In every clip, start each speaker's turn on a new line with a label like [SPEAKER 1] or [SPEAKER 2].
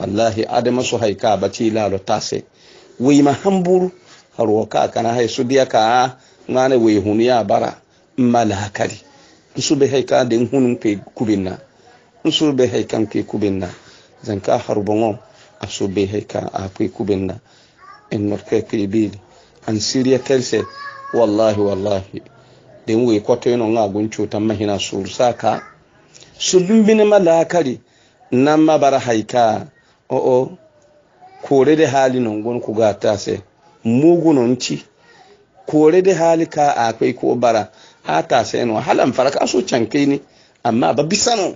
[SPEAKER 1] wallahi adama su haika bati lalo tase wei ma hamburu haro ka kana hay sudiya ka ngane wei hunya bara malakari nsube haika de hunun pe kubinna nsube haika pe kubinna zanka harbongo asube haika a pe kubinna en norke kribili an siriya telse wallahi wallahi den wei kwato no ngagun cuta mahina sursaka sulumbine malakari nan mabara haika o'o oh, oh. kore da hali nan gun ku ga ta sai ci. kore da hali ka akwai ko bara a ta sai no halan faraka so cankai ne amma ba bisano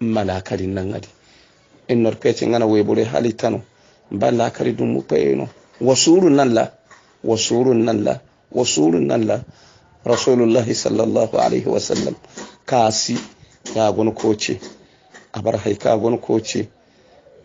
[SPEAKER 1] malakari nan adi in norpece ngana bure hali tano ba lakari dum mu peyno wasurun nan la wasurun nan la wasurun nan la sallallahu alaihi wasallam kasi ya gun koce abar haika ko koce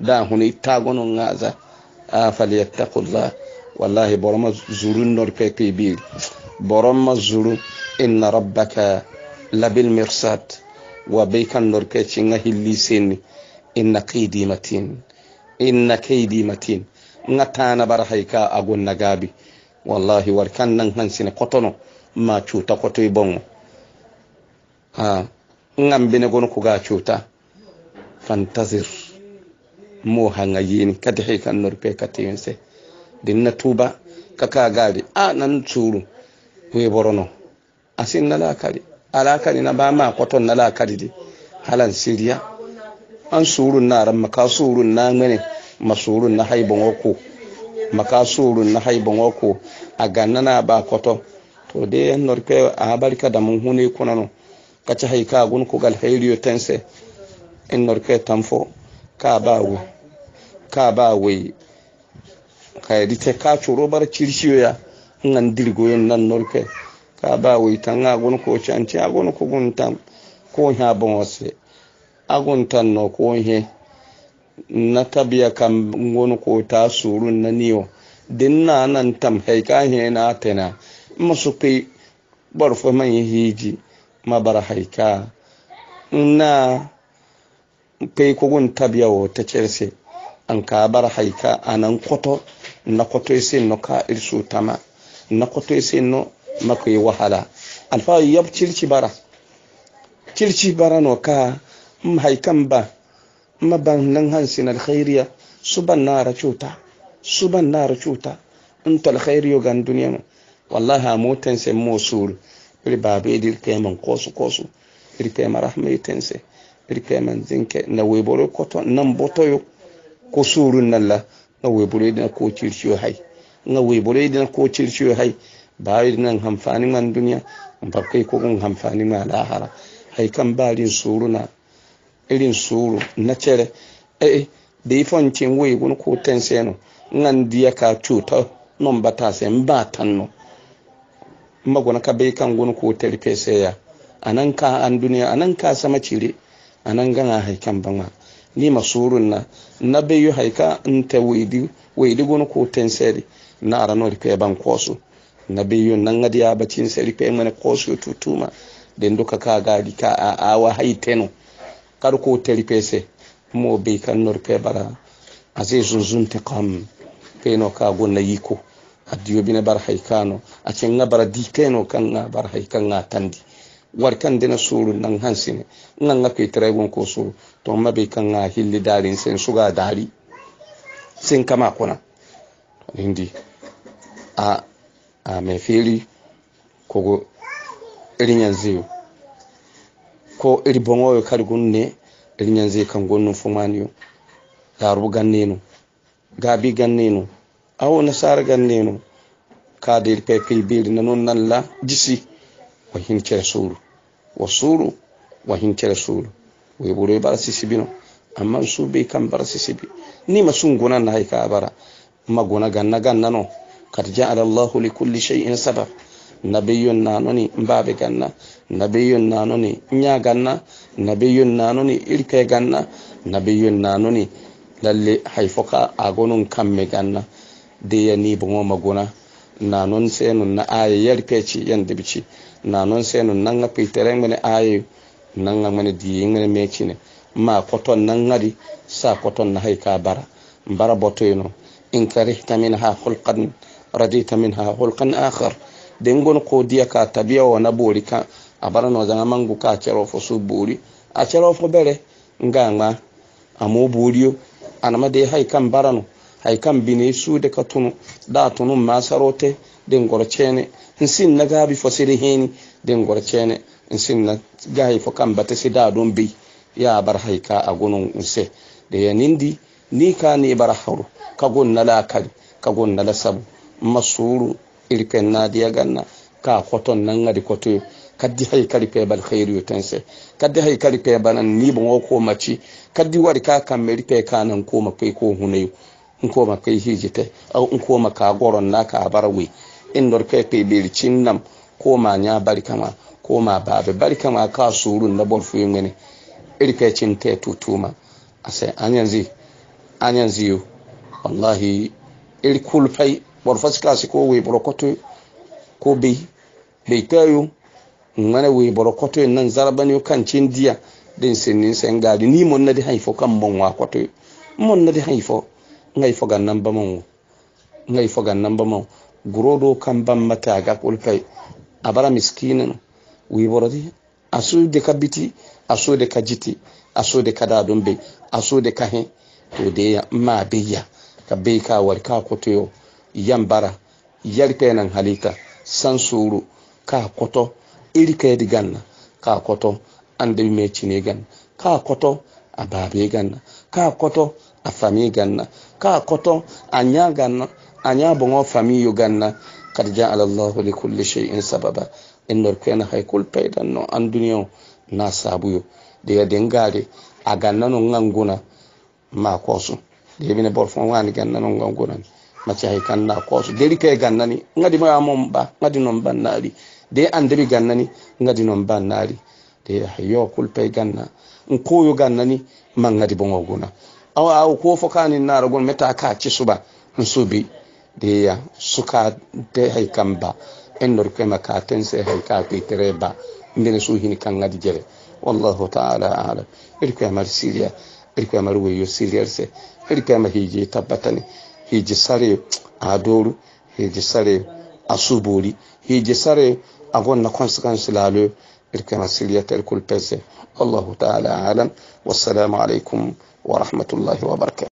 [SPEAKER 1] da huni tagono ngaza a falyattaqullah wallahi boroma zuru nor pe pe boroma zuru inna rabbaka labil mirsat wa baykan nor ke cinga hilliseni inna qidi inna kaidi matin ngatana bar hayka agon nagabi wallahi war kan nan hansine kotono ma cuta kotoy bongo ha ngambine gon ko ga fantazir mo hanga yini kati he kan nor pe kati yense din na tuba kaka gari a nan tsuru we borono asin na lakari alakari na ba ma kwaton na lakari di halan siriya an surun na ran maka surun na mene masurun na haibon wako maka surun na haibon wako a ganna na ba kwato to de yan nor pe a barka da mun hune kunano kaci haika gun kugal hairiyo tense in nor pe tamfo ka ba wu ka ba wai kairi te ka curo bar circiyo ya ngan dirgo yen nan norpe ka ba wai tan agun ko canci agun ko guntam ko ha bon wase agun tan no ko he na tabiya kam ngon ko ta surun na niyo din nan tam hay ka he na tena musu kai bar fo man hiji mabara haika na kai ko gun tabiya wo ta cerse an ka bar haika anan kwato na kwato isi e no ka irsu tama na kwato isi e no maka yi wahala alfa yab circi bara circi bara no ka haikan ba maban nan hansi na alkhairiya na nara cuta ban na cuta in ta alkhairiyo gan duniya ma wallahi motan sai mosul iri bai e dir man kosu kosu iri keman rahmaitense iri keman zinke na weboro koto nan botoyo ko surun nan la na webure dina ko circiyo hai na webure dina ko circiyo ba yi dina hamfani man duniya barkai ko kun hamfani ma lahara hay kan barin suru na irin suru na cere eh, eh da ifon cin wai gun ko ten seno nan diya ka cuta non ta sai ba tanno magona ka bai kan gun ko tel sai ya anan ka an duniya anan ka sama cire anan gana haikan kan banga ni masurun na na be yu haika nte weidi weidi gun ko tenseri na ara no rikwe ban na be yu nan ya batin seri pe mene kosu tutuma den duka ka ka awa haiteno kar ko teri pese mo be kan no rikwe bara azizun zuntiqam pe no ka gun yiko adiyo bine bar haikano a cin na di pe kan na haikan na warkan dina suru nan ne nan na tare gon ko suru to bai kan a hilli darin sen suga dari sin kama kuna indi a a mai ko go irin yanzu ko iri bongoyo kadi ne iri yanzu kan gonnum fomaniyo no, ganneno ganne no awo no, ka kaade iri pepey beeri nanon nalla jisi ko hin kere sowru wasuru wa hincere sulu weburo bara sisibino amma su be kan bara sisibi ni masun na haika bara magona ganna ganna no kad ja'ala Allah li kulli shay'in sabab nabiyun nanoni mbabe ganna nabiyun nanoni nya ganna nabiyun nanoni irke ganna nabiyun nanoni lalle haifoka agonun kamme ganna de ya ni bongo nanon senun na ayar peci yan dibici na noon seeno nanga pitere mene aye nanga mene diyeng mene mecine ma koton nangadi sa koton na hay ka bara bara botoyno in karihta minha hulqan radita minha hulqan akhar den gon ko diya ka tabiya wona boori ka a bara no zanga mangu ka cero fo su boori a cero fo bere ngama amo booriyo anama de hay kam barano hay kam bine suude ka tunu da tunu masarote den goro cene nsin na gabi fo siri heni den gorcene nsin na gahi fo kan bata sida don bi ya bar haika a gunun nse da ya nindi ni ka ni bar hauru ka gon na lakari ka gon na lasabu masuru irpen na diya ganna ka koton nan ngadi koto kaddi pe bal khairu tense kaddi pe banan ni bon ko maci kaddi wari ka kan meri pe kanan ko makai ko hunayu in ko makai hijite au in ko maka goron naka a barawe indorke kpibiri cinnam ko ma nya barkama ko ma babe barkama ka surun na borfu yungene irke cin te tutuma ase anyanzi anyanzi yo wallahi iri fai borfa fas si ko we borokoto ko bi bai kayo ngana we borokoto nan zarabani kan cin diya din sinin sen gadi ni mon na di haifo kan bon wa koto mon na di haifo ngai fogan nan ba mon ngai fogan nan ba mon gurodo kamban mata ga kulkai abara miskinin wiborodi asu de kabiti asu de kajiti asu de kada dumbe asu de kahe to de ma beya ka be kotoyo yambara yarpe halika sansuru ka koto irka diganna ka koto ande me cine gan ka koto ababe ganna ka koto afami ganna ka koto anya ganna an ya bongo fami yuganna kad ja'ala Allahu li kulli shay'in sababa en nor kena hay kul paydan no an duniyo na sabuyo de ya dengare aganna no nganguna ma kosu de bine bor fon wani ganna no nganguna ma ci hay kanna kosu de ri kay ganna ngadi ma mom ba ngadi non ban de an de ngadi non ban de hayo kul pay ganna in koyo bongo guna awa aw ko fokani naragon meta ka ci suba nsubi deya sukate hay kamba endor kema ka tense hay ka tereba ndene su hini kan ngadi jere wallahu ta'ala a'lam iri kema siria iri kema weyo siriarse iri kema hiji tabatani hiji sare adoru hiji sare asubuli hiji sare agonna consequence lalo iri kema siria ter kulpese wallahu ta'ala a'lam wassalamu alaikum ورحمه الله وبركاته